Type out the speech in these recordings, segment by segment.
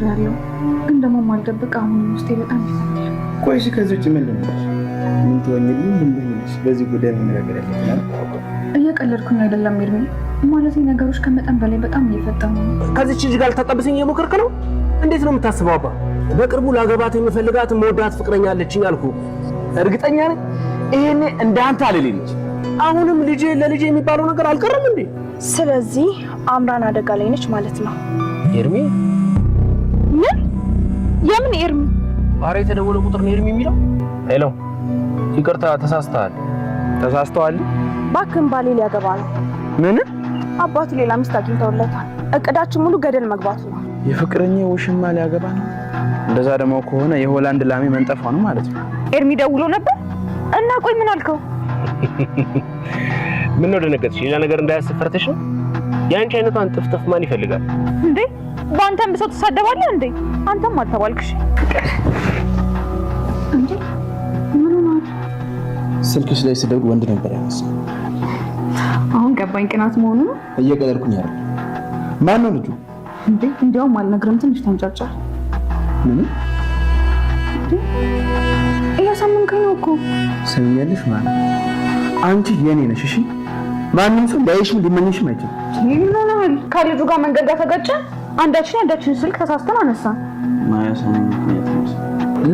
አብራሪው ግን ደግሞ ማልደብቅ አሁን ውስጤ በጣም ይፈል። ቆይሽ ከዚህ ውጭ ምን ልምልሽ? ምን ትሆኝልኝ? ምን ልምልሽ? በዚህ ጉዳይ ምን ነገር ያለ እየቀለድኩኝ አይደለም ርሜ ማለት ነገሮች ከመጠን በላይ በጣም እየፈጠሙ ነው። ከዚች ልጅ ጋር ልታጣብሰኝ እየሞከርክ ነው? እንዴት ነው የምታስበው? አባ በቅርቡ ላገባት የምፈልጋት መወዳት ፍቅረኛ አለችኝ አልኩ። እርግጠኛ ነኝ ይሄኔ እንዳንተ አለልኝ ልጅ አሁንም ልጄ ለልጄ የሚባለው ነገር አልቀረም እንዴ? ስለዚህ አምራን አደጋ ላይ ነች ማለት ነው ኤርሚ ነው ኤርሚ። ኧረ የተደወለ ቁጥር ነው ኤርሚ የሚለው። ሄሎ፣ ይቅርታ ተሳስተሃል። ተሳስተዋል። እባክህን ባሌ ሊያገባ ነው። ምን? አባቱ ሌላ ሚስት አግኝተውለታል። እቅዳችን ሙሉ ገደል መግባቱ ነው። የፍቅረኛ ውሽማ ሊያገባ ነው። እንደዛ ደግሞ ከሆነ የሆላንድ ላሜ መንጠፋ ነው ማለት ነው። ኤርሚ ደውሎ ነበር እና ቆይ ምን አልከው? ምን ነው ደነገጥሽ? ሌላ ነገር እንዳያስፈርተሽ ነው የአንቺ አይነቷን ጥፍጥፍ ማን ይፈልጋል እንዴ? በአንተም ብሰው ትሳደባለህ እንዴ? አንተም አልተባልክሽ እንዴ? ምን ማለት ስልክሽ ላይ ስደውል ወንድ ነበር ያነሳው። አሁን ገባኝ ቅናት መሆኑ ነው። እየቀለድኩኝ አይደል? ማን ነው ልጁ እንዴ? እንዲያውም አልነግርም። ትንሽ ተንጫጫ። ምን እያሳመንከኝ ነው እኮ ሰሚያለሽ። ማለት አንቺ የኔ ነሽ እሺ? ማንም ሰው ሊያይሽም ሊመኝሽም አይችልም። ምን ከልጁ ጋር መንገድ ጋር ተጋጨ። አንዳችን አንዳችን ስልክ ተሳስተን አነሳ።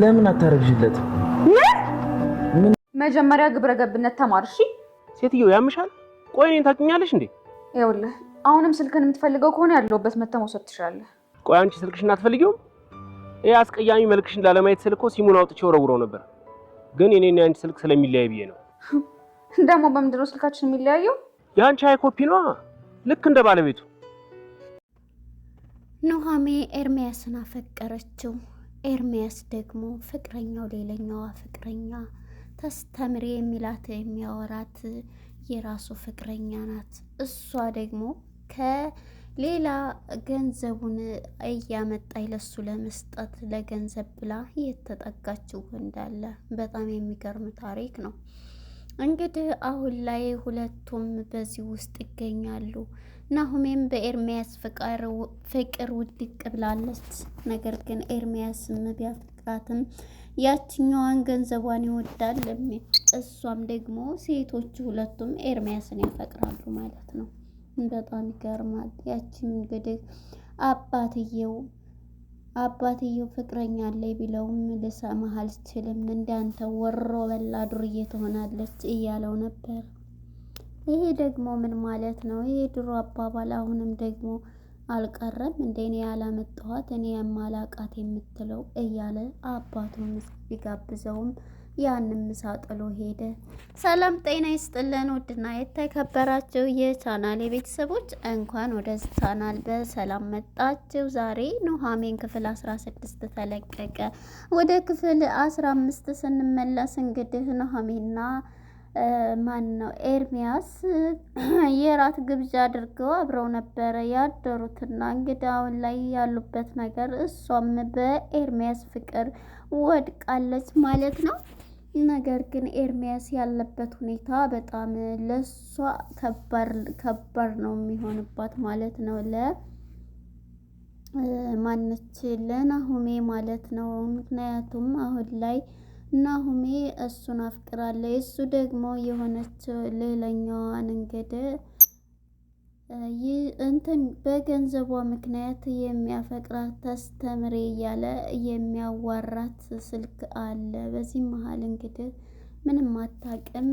ለምን አታረግሽለት? ምን መጀመሪያ ግብረ ገብነት ተማርሽ። ሴትዮ ያምሻል። ቆይ እኔን ታውቂኛለሽ እንዴ? ይኸውልህ አሁንም ስልክን የምትፈልገው ከሆነ ያለውበት መተህ መውሰድ ትችላለህ። ቆይ አንቺ ስልክሽን አትፈልጊውም? ይሄ አስቀያሚ መልክሽን ላለማየት ስል እኮ ሲሙን አውጥቼ ወረውረው ነበር፣ ግን የኔና ያንቺ ስልክ ስለሚለያይ ብዬ ነው። ደግሞ በምንድን ነው ስልካችን የሚለያየው? የአንቺ ሀይ ኮፒ ነዋ ልክ እንደ ባለቤቱ ኑሃሜ ኤርሚያስን አፈቀረችው። ኤርሚያስ ደግሞ ፍቅረኛው ሌላኛዋ ፍቅረኛ ተስተምሬ የሚላት የሚያወራት የራሱ ፍቅረኛ ናት። እሷ ደግሞ ከሌላ ገንዘቡን እያመጣይ ለሱ ለመስጠት ለገንዘብ ብላ የተጠጋችው እንዳለ በጣም የሚገርም ታሪክ ነው። እንግዲህ አሁን ላይ ሁለቱም በዚህ ውስጥ ይገኛሉ። ናሁሜም በኤርሚያስ ፍቅር ውድቅ ብላለች። ነገር ግን ኤርሚያስም ቢያፍቅራትም ያችኛዋን ገንዘቧን ይወዳል። እሷም ደግሞ ሴቶቹ ሁለቱም ኤርሚያስን ያፈቅራሉ ማለት ነው። በጣም ይገርማል። ያችን እንግዲህ አባትየው አባትየው ፍቅረኛ አለኝ ቢለውም ልሰማህ አልችልም፣ እንዳንተ ወሮ በላ ዱርዬ ትሆናለች እያለው ነበር። ይሄ ደግሞ ምን ማለት ነው? ይሄ ድሮ አባባል አሁንም ደግሞ አልቀረም እንደ እኔ ያላመጣኋት እኔ የማላቃት የምትለው እያለ አባቱን ይጋብዘውም ያንም ምሳ ጥሎ ሄደ። ሰላም ጤና ይስጥልን። ውድና የተከበራችሁ የቻናል የቤተሰቦች እንኳን ወደ ቻናል በሰላም መጣችሁ። ዛሬ ኑሐሚን ክፍል 16 ተለቀቀ። ወደ ክፍል 15 ስንመለስ እንግዲህ ኑሐሚንና ማን ነው ኤርሚያስ የራት ግብዣ አድርገው አብረው ነበረ ያደሩትና እንግዲህ ላይ ያሉበት ነገር እሷም በኤርሚያስ ፍቅር ወድቃለች ማለት ነው። ነገር ግን ኤርሚያስ ያለበት ሁኔታ በጣም ለሷ ከባድ ነው የሚሆንባት ማለት ነው። ማነች ለናሁሜ ማለት ነው። ምክንያቱም አሁን ላይ ናሁሜ እሱን አፍቅራለች፣ እሱ ደግሞ የሆነች ሌላኛዋን እንግዲህ እንትን በገንዘቧ ምክንያት የሚያፈቅራት ተስተምሬ እያለ የሚያዋራት ስልክ አለ። በዚህ መሀል እንግዲህ ምንም አታውቅም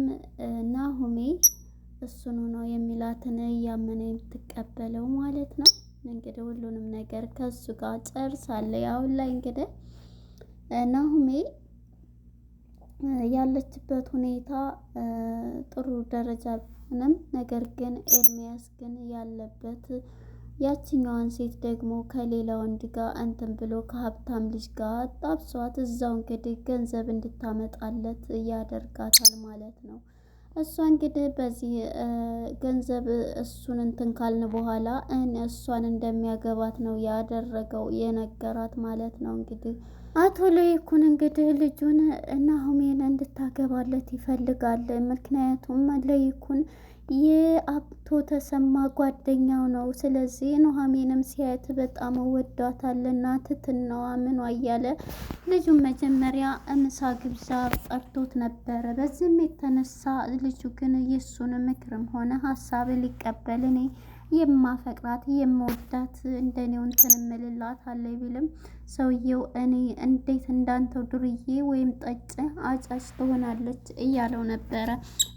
ናሁሜ እሱኑ ነው የሚላትን እያመነ የምትቀበለው ማለት ነው። እንግዲህ ሁሉንም ነገር ከሱ ጋር ጨርሳለ። አሁን ላይ እንግዲህ ናሁሜ ያለችበት ሁኔታ ጥሩ ደረጃ ቢሆንም ነገር ግን ኤርሚያስ ግን ያለበት ያችኛዋን ሴት ደግሞ ከሌላ ወንድ ጋር እንትን ብሎ ከሀብታም ልጅ ጋር ጣብሷት እዛው እንግዲህ ገንዘብ እንድታመጣለት ያደርጋታል ማለት ነው። እሷ እንግዲህ በዚህ ገንዘብ እሱን እንትን ካልን በኋላ እሷን እንደሚያገባት ነው ያደረገው የነገራት ማለት ነው እንግዲህ አቶ ለይኩን እንግዲህ ልጁን ናሆሜን እንድታገባለት ይፈልጋል። ምክንያቱም ለይኩን የአቶ ተሰማ ጓደኛው ነው። ስለዚህ ኑሐሚንም ሲያየት በጣም ወዷታልና ትትናዋ ምኗ እያለ ልጁን መጀመሪያ እምሳ ግብዣ ጠርቶት ነበረ። በዚህም የተነሳ ልጁ ግን የእሱን ምክርም ሆነ ሀሳብ ሊቀበል እኔ የማፈቅራት የምወዳት እንደኔው እንትን እምልላት አለ ቢልም ሰውየው እኔ እንዴት እንዳንተው ዱርዬ ወይም ጠጭ አጫጭ ትሆናለች እያለው ነበረ።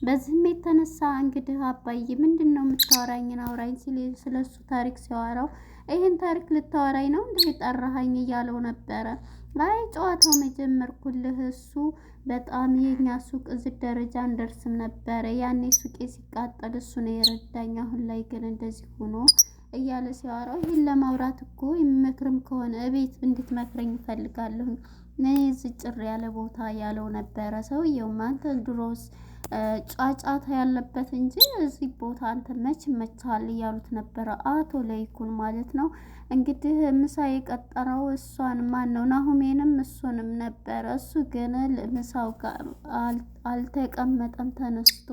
በዚህም የተነሳ እንግዲህ አባዬ ምንድን ነው የምታወራኝን አውራኝ ሲል ስለሱ ታሪክ ሲያወራው ይህን ታሪክ ልታወራኝ ነው እንደ ጠራሃኝ እያለው ነበረ። ላይ ጨዋታው መጀመር ኩልህ እሱ በጣም የኛ ሱቅ እዚህ ደረጃ እንደርስም ነበረ። ያኔ ሱቄ ሲቃጠል እሱ ነው የረዳኝ። አሁን ላይ ግን እንደዚህ ሆኖ እያለ ሲያወራው ይህን ለማውራት እኮ የሚመክርም ከሆነ እቤት እንድትመክረኝ እፈልጋለሁ። ነይ እዚህ ጭር ያለ ቦታ ያለው ነበረ። ሰውየውም አንተ ድሮስ ጫጫታ ያለበት እንጂ እዚህ ቦታ አንተ መች መቻል እያሉት ነበረ። አቶ ለይኩን ማለት ነው እንግዲህ ምሳ የቀጠረው እሷን ማን ነው ናሁሜንም እሱንም ነበረ። እሱ ግን ምሳው ጋር አልተቀመጠም። ተነስቶ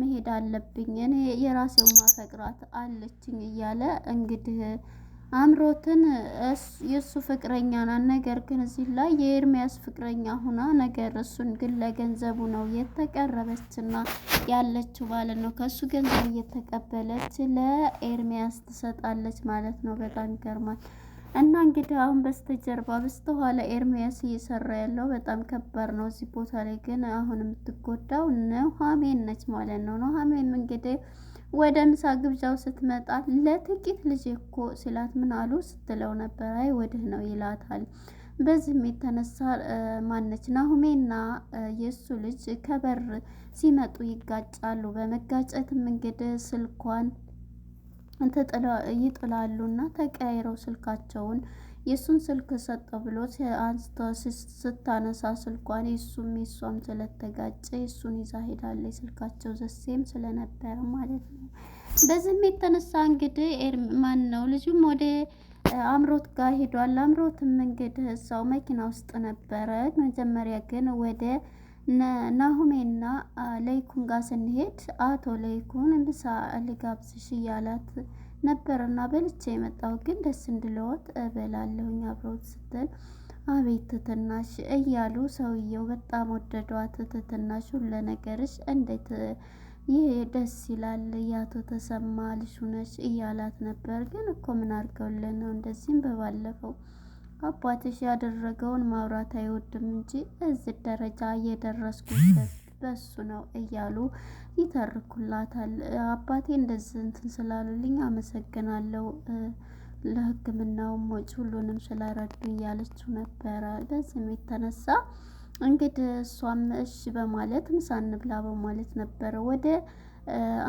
መሄድ አለብኝ እኔ የራሴው ማፈቅራት አለችኝ እያለ እንግዲህ አምሮትን የእሱ ፍቅረኛ ናት። ነገር ግን እዚህ ላይ የኤርሚያስ ፍቅረኛ ሁና ነገር እሱን ግን ለገንዘቡ ነው የተቀረበችና ያለችው ማለት ነው። ከእሱ ገንዘብ እየተቀበለች ለኤርሚያስ ትሰጣለች ማለት ነው። በጣም ይገርማል። እና እንግዲህ አሁን በስተጀርባ በስተኋላ ኤርሚያስ እየሰራ ያለው በጣም ከባድ ነው። እዚህ ቦታ ላይ ግን አሁን የምትጎዳው ኑሃሜን ነች ማለት ነው። ኑሃሜን እንግዲህ ወደ ምሳ ግብዣው ስትመጣ ለጥቂት ልጅ እኮ ሲላት ምን አሉ ስትለው ነበር። አይ ወድህ ነው ይላታል። በዚህም የተነሳ ማነች ናሁሜና የእሱ ልጅ ከበር ሲመጡ ይጋጫሉ። በመጋጨትም እንግዲህ ስልኳን ይጥላሉና ተቀያይረው ስልካቸውን የእሱን ስልክ ሰጠው ብሎ አንስቶ ስታነሳ ስልኳን የእሱም የእሷም ስለተጋጨ የእሱን ይዛ ሄዳለ ስልካቸው ዘሴም ስለነበረ ማለት ነው። በዚህም የተነሳ እንግዲህ ማን ነው ልጁም ወደ አምሮት ጋር ሄዷል። አምሮትም እንግዲህ እዛው መኪና ውስጥ ነበረ። መጀመሪያ ግን ወደ ናሁሜና ለይኩን ጋር ስንሄድ አቶ ለይኩን ምሳ ልጋብዝሽ እያላት ነበረና በልቼ የመጣው ግን ደስ እንድለወት እበላለሁኝ አብረውት ስትል አቤት ትትናሽ እያሉ ሰውየው በጣም ወደዷት። ትትናሽ ሁለ ነገርሽ እንዴት ይህ ደስ ይላል፣ ያቶ ተሰማ ልሹ እያላት ነበር። ግን እኮ ምን አድርገውልን ነው እንደዚህም በባለፈው አባትሽ ያደረገውን ማውራት አይወድም እንጂ እዚህ ደረጃ እየደረስኩበት በሱ ነው እያሉ ይተርኩላታል። አባቴ እንደዚህ እንትን ስላሉልኝ አመሰግናለሁ፣ ለሕክምናውም ወጪ ሁሉንም ስለረዱ እያለችው ነበረ። በዚህም የተነሳ እንግዲህ እሷም እሺ በማለት ምሳ እንብላ በማለት ነበረ ወደ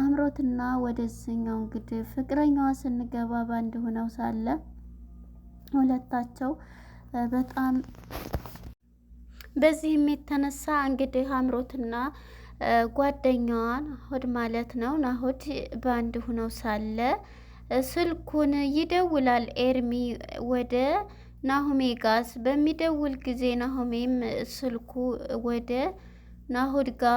አምሮትና ወደዚህኛው እንግዲህ ፍቅረኛዋ ስንገባ ባንድ ሆነው ሳለ ሁለታቸው በጣም በዚህም የተነሳ እንግዲህ አምሮትና ጓደኛዋን ናሆድ ማለት ነው ናሆድ በአንድ ሁነው ሳለ ስልኩን ይደውላል ኤርሚ ወደ ናሆሜ ጋዝ በሚደውል ጊዜ ናሆሜም ስልኩ ወደ ናሆድ ጋ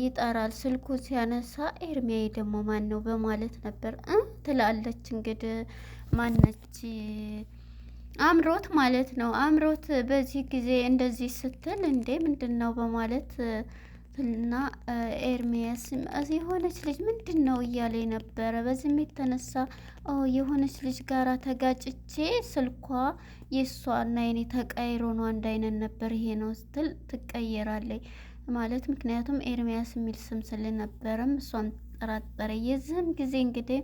ይጠራል። ስልኩ ሲያነሳ ኤርሚያዬ ደግሞ ማን ነው በማለት ነበር ትላለች። እንግዲህ ማነች አምሮት ማለት ነው። አምሮት በዚህ ጊዜ እንደዚህ ስትል እንዴ ምንድን ነው በማለት እና ኤርሚያስ የሆነች ልጅ ምንድን ነው እያለ ነበረ። በዚህም የተነሳ የሆነች ልጅ ጋራ ተጋጭቼ ስልኳ የእሷ እና የኔ ተቀይሮ ነው አንድ አይነት ነበር ይሄ ነው ስትል ትቀየራለች ማለት ምክንያቱም ኤርሚያስ የሚል ስም ስለነበረም እሷን ጠራጠረ። የዚህም ጊዜ እንግዲህ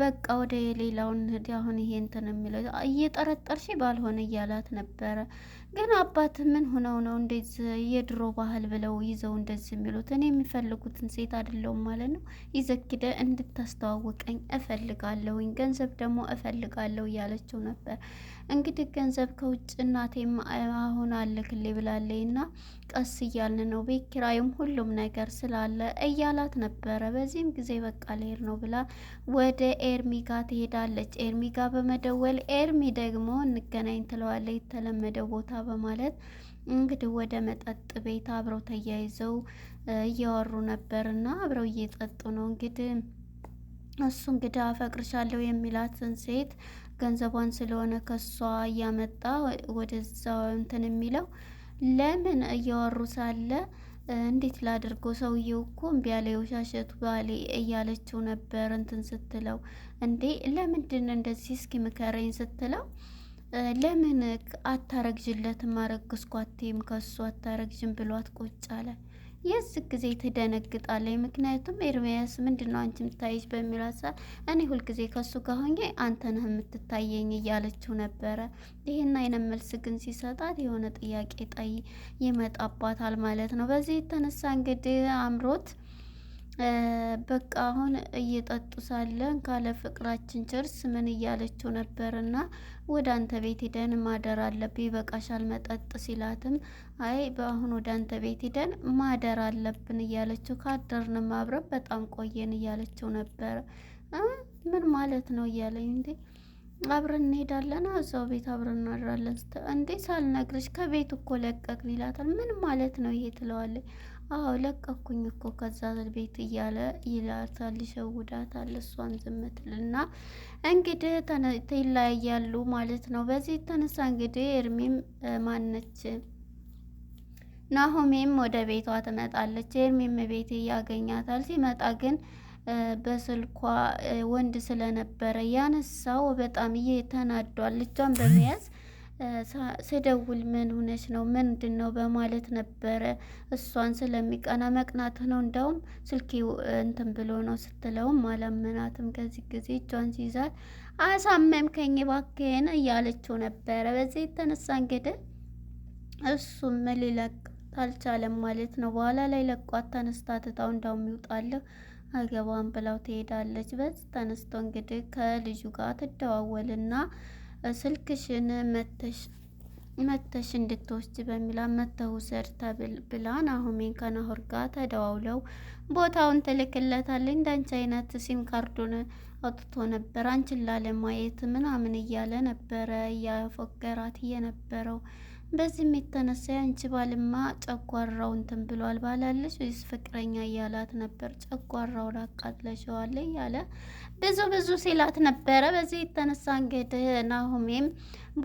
በቃ ወደ ሌላውን እንሂድ አሁን ይሄ እንትን የሚለው እየጠረጠርሽ ባልሆነ እያላት ነበረ። ግን አባት ምን ሆነው ነው እንደዚህ የድሮ ባህል ብለው ይዘው እንደዚህ የሚሉት? እኔ የሚፈልጉትን ሴት አይደለውም ማለት ነው። ይዘክደ እንድታስተዋውቀኝ እፈልጋለሁኝ፣ ገንዘብ ደግሞ እፈልጋለሁ እያለችው ነበር። እንግዲህ ገንዘብ ከውጭ እናቴም አሁን አልክሌ ብላለች እና ቀስ እያልን ነው ቤት ሁሉም ነገር ስላለ እያላት ነበረ። በዚህም ጊዜ በቃ ልሄድ ነው ብላ ወደ ኤርሚ ጋ ትሄዳለች። ኤርሚ ጋ በመደወል ኤርሚ ደግሞ እንገናኝ ትለዋለች የተለመደው ቦታ በማለት እንግዲህ ወደ መጠጥ ቤት አብረው ተያይዘው እያወሩ ነበር ነበርና አብረው እየጠጡ ነው እንግዲህ እሱ እንግዲህ አፈቅርሻለሁ የሚላትን ሴት ገንዘቧን ስለሆነ ከሷ እያመጣ ወደዛ እንትን የሚለው ለምን እያወሩ ሳለ እንዴት ላድርገው ሰውየው እኮ እምቢ አለ የውሻሸቱ ባሌ እያለችው ነበር እንትን ስትለው እንዴ ለምንድን እንደዚህ እስኪ ምከረኝ ስትለው ለምን አታረግዥለትም? አረግዝኳትም ከሱ አታረግዥም ብሏት ቁጭ አለ። የዚ ጊዜ ትደነግጣለች። ምክንያቱም ኤርሚያስ ነው አንቺ የምታይሽ በሚል ሀሳብ እኔ ሁልጊዜ ከሱ ጋር ሆኜ አንተ ነህ የምትታየኝ እያለችው ነበረ። ይህን አይነት መልስ ግን ሲሰጣት የሆነ ጥያቄ ጣይ ይመጣባታል ማለት ነው። በዚህ የተነሳ እንግዲህ አምሮት በቃ አሁን እየጠጡ ሳለን ካለ ፍቅራችን ችርስ ምን እያለችው ነበርና ወደ አንተ ቤት ሂደን ማደር አለብህ ይበቃሻል መጠጥ ሲላትም አይ በአሁን ወደ አንተ ቤት ሂደን ማደር አለብን እያለችው ካደርን አብረን በጣም ቆየን እያለችው ነበረ። ምን ማለት ነው እያለኝ እንዴ አብረን እንሄዳለን እዛው ቤት አብረን እናድራለን እንዴ ሳልነግርሽ ከቤት እኮ ለቀቅን ይላታል። ምን ማለት ነው ይሄ ትለዋለች። አዎ ለቀኩኝ እኮ ከዛ ቤት እያለ ይላታል፣ ይሸውዳታል። እሷን ዝምትልና እንግዲህ ይለያያሉ ማለት ነው። በዚህ የተነሳ እንግዲህ እርሚም ማነች ናሆሜም ወደ ቤቷ ትመጣለች። ኤርሚም ቤት ያገኛታል። ሲመጣ ግን በስልኳ ወንድ ስለነበረ ያነሳው በጣም እየተናዷል፣ ልጇን በመያዝ ስደውል ምን ሆነች ነው ምንድን ነው በማለት ነበረ። እሷን ስለሚቀና መቅናት ነው እንዳውም ስልኬ እንትን ብሎ ነው ስትለውም አላመናትም። ከዚህ ጊዜ እጇን ሲይዛት አሳመምከኝ እባክህን እያለችው ነበረ። በዚህ የተነሳ እንግዲህ እሱም ሊለቅ አልቻለም ማለት ነው። በኋላ ላይ ለቋት ተነስታ ትታው እንዳውም ይውጣለሁ አገባን ብላው ትሄዳለች። በዚህ ተነስቶ እንግዲህ ከልጁ ጋር ትደዋወልና ስልክሽን መተሽ መተሽ እንድትወስድ በሚል መተው ሰር ተብል ብላ ናሆሜን ከናሆር ጋር ተደዋውለው ቦታውን ትልክለታለች። እንዳንቺ አይነት ሲም ካርዱን አውጥቶ ነበር አንቺን ላለማየት ምናምን እያለ ነበረ እያፎገራት እየነበረው በዚህም የተነሳ ያንቺ ባልማ ጨጓራው እንትን ብሏል ባላለች ወይስ ፍቅረኛ እያላት ነበር። ጨጓራውን አቃጥለሸዋል እያለ ብዙ ብዙ ሲላት ነበረ። በዚህ የተነሳ እንግዲህ ናሆሜም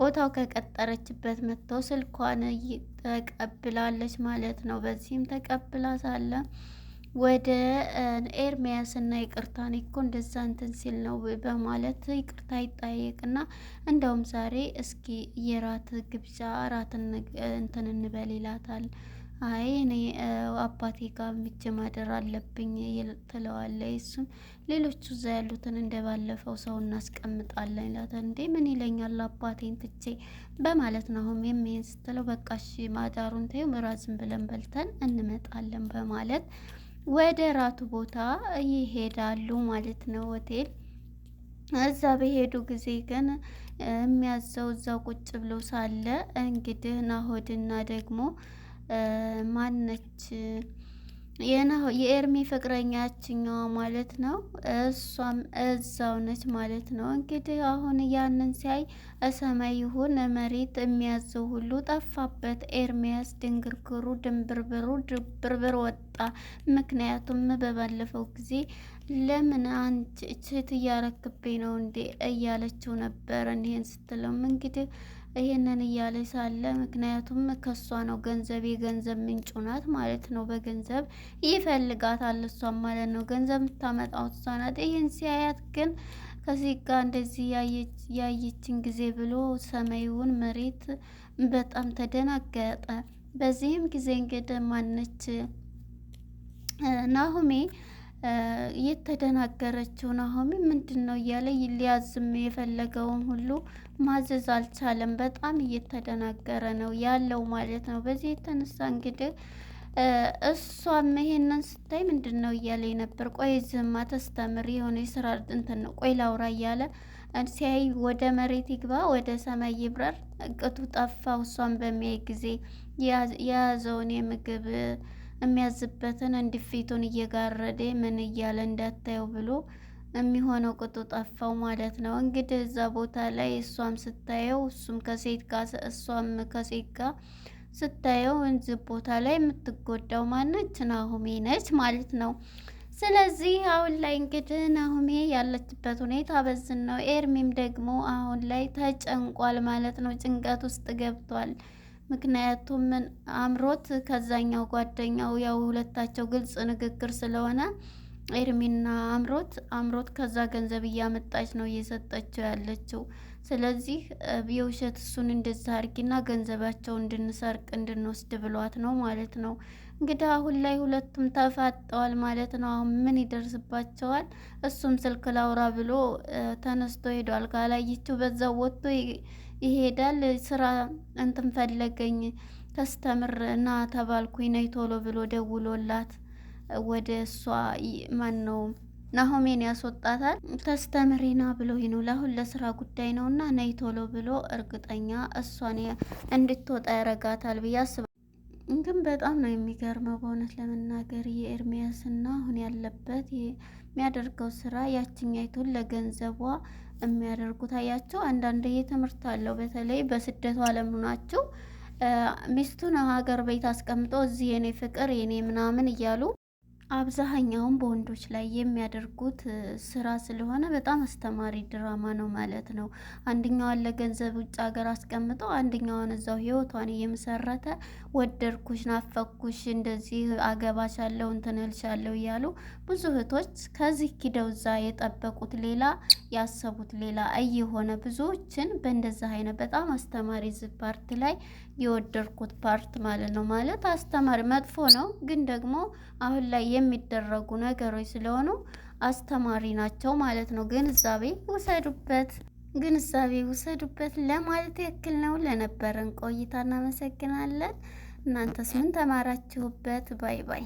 ቦታው ከቀጠረችበት መጥተው ስልኳን ተቀብላለች ማለት ነው። በዚህም ተቀብላ ሳለ ወደ ኤርሚያስና ይቅርታ እኔ እኮ እንደዛ እንትን ሲል ነው በማለት ይቅርታ ይጠየቅና እንደውም ዛሬ እስኪ የራት ግብዣ ራት እንትን እንበል ይላታል። አይ እኔ አባቴ ጋር ምጅ ማደር አለብኝ ትለዋለ። እሱም ሌሎቹ እዛ ያሉትን እንደ ባለፈው ሰው እናስቀምጣለን ይላታል። እንዴ ምን ይለኛል አባቴን ትቼ በማለት ነው አሁን የሚሄን ስትለው፣ በቃሽ ማዳሩን ተይው ምራዝም ብለን በልተን እንመጣለን በማለት ወደ ራቱ ቦታ ይሄዳሉ ማለት ነው ሆቴል። እዛ በሄዱ ጊዜ ግን የሚያዘው እዛው ቁጭ ብሎ ሳለ እንግዲህ ናሆድና ደግሞ ማነች የኤርሚ ፍቅረኛችኛዋ ማለት ነው። እሷም እዛው ነች ማለት ነው። እንግዲህ አሁን ያንን ሲያይ ሰማይ ይሁን መሬት የሚያዘው ሁሉ ጠፋበት። ኤርሚያስ ድንግርግሩ፣ ድንብርብሩ ድብርብር ወጣ። ምክንያቱም በባለፈው ጊዜ ለምን አንቺ ችት እያረክብኝ ነው እንዴ እያለችው ነበር። እኒህን ስትለውም እንግዲህ ይሄንን እያለ ሳለ ምክንያቱም ከሷ ነው ገንዘብ የገንዘብ ምንጩ ናት ማለት ነው። በገንዘብ ይፈልጋታል እሷም ማለት ነው። ገንዘብ የምታመጣው እሷ ናት። ይህን ሲያያት ግን ከዚህ ጋር እንደዚህ ያየችን ጊዜ ብሎ ሰማዩን መሬት በጣም ተደናገጠ። በዚህም ጊዜ እንግዲህ ማነች ናሁሜ የተደናገረችው ናሆሚ ምንድን ነው እያለ ሊያዝም የፈለገውን ሁሉ ማዘዝ አልቻለም። በጣም እየተደናገረ ነው ያለው ማለት ነው። በዚህ የተነሳ እንግዲህ እሷም ይሄንን ስታይ ምንድን ነው እያለ ነበር። ቆይ ዝማ ተስተምር የሆነ የስራ እንትን ነው ቆይ ላውራ እያለ ሲያይ ወደ መሬት ይግባ ወደ ሰማይ ይብረር እቅቱ ጠፋው። እሷም በሚያይ ጊዜ የያዘውን የምግብ የሚያዝበትን እንድፊቱን እየጋረደ ምን እያለ እንዳታየው ብሎ የሚሆነው ቅጡ ጠፋው ማለት ነው። እንግዲህ እዛ ቦታ ላይ እሷም ስታየው እሱም ከሴት ጋር እሷም ከሴት ጋር ስታየው እዚህ ቦታ ላይ የምትጎዳው ማነች? ናሁሜ ነች ማለት ነው። ስለዚህ አሁን ላይ እንግዲህ ናሁሜ ያለችበት ሁኔታ በዝን ነው። ኤርሚም ደግሞ አሁን ላይ ተጨንቋል ማለት ነው። ጭንቀት ውስጥ ገብቷል። ምክንያቱም አምሮት ከዛኛው ጓደኛው ያው ሁለታቸው ግልጽ ንግግር ስለሆነ ኤርሚና አምሮት አምሮት ከዛ ገንዘብ እያመጣች ነው እየሰጠችው ያለችው። ስለዚህ የውሸት እሱን እንደዛ ገንዘባቸው እንድንሰርቅ እንድንወስድ ብሏት ነው ማለት ነው። እንግዲህ አሁን ላይ ሁለቱም ተፋጠዋል ማለት ነው። አሁን ምን ይደርስባቸዋል? እሱም ስልክ ላውራ ብሎ ተነስቶ ሄዷል። ካላየችው በዛው ወጥቶ ይሄዳል። ስራ እንትን ፈለገኝ ተስተምር እና ተባልኩኝ ነይ ቶሎ ብሎ ደውሎላት ወደ እሷ ማን ነው ናሆሜን ያስወጣታል። ተስተምሪና ብሎ ነው ለአሁን ለስራ ጉዳይ ነው እና ነይ ቶሎ ብሎ እርግጠኛ እሷን እንድትወጣ ያረጋታል ብዬ አስባለሁ። ግን በጣም ነው የሚገርመው በእውነት ለመናገር የኤርሚያስና አሁን ያለበት የሚያደርገው ስራ ያችኛይቱን ለገንዘቧ የሚያደርጉት አያቸው። አንዳንድ ትምህርት አለው። በተለይ በስደቱ ዓለም ናቸው። ሚስቱን ሀገር ቤት አስቀምጦ እዚህ የኔ ፍቅር የኔ ምናምን እያሉ አብዛኛውን በወንዶች ላይ የሚያደርጉት ስራ ስለሆነ በጣም አስተማሪ ድራማ ነው ማለት ነው። አንደኛዋን ለገንዘብ ውጭ ሀገር አስቀምጠው አንደኛዋን እዛው ህይወቷን እየመሰረተ ወደድኩሽ፣ ናፈኩሽ፣ እንደዚህ አገባሻለሁ፣ እንትን እልሻለሁ እያሉ ብዙ እህቶች ከዚህ ኪደው እዛ የጠበቁት ሌላ ያሰቡት ሌላ እየሆነ ብዙዎችን በእንደዚህ አይነት በጣም አስተማሪ ዝ ፓርት ላይ የወደድኩት ፓርት ማለት ነው ማለት አስተማሪ መጥፎ ነው ግን ደግሞ አሁን ላይ የሚደረጉ ነገሮች ስለሆኑ አስተማሪ ናቸው ማለት ነው። ግንዛቤ ውሰዱበት፣ ግንዛቤ ውሰዱበት ለማለት ያክል ነው። ለነበረን ቆይታ እናመሰግናለን። እናንተስ ምን ተማራችሁበት? ባይ ባይ።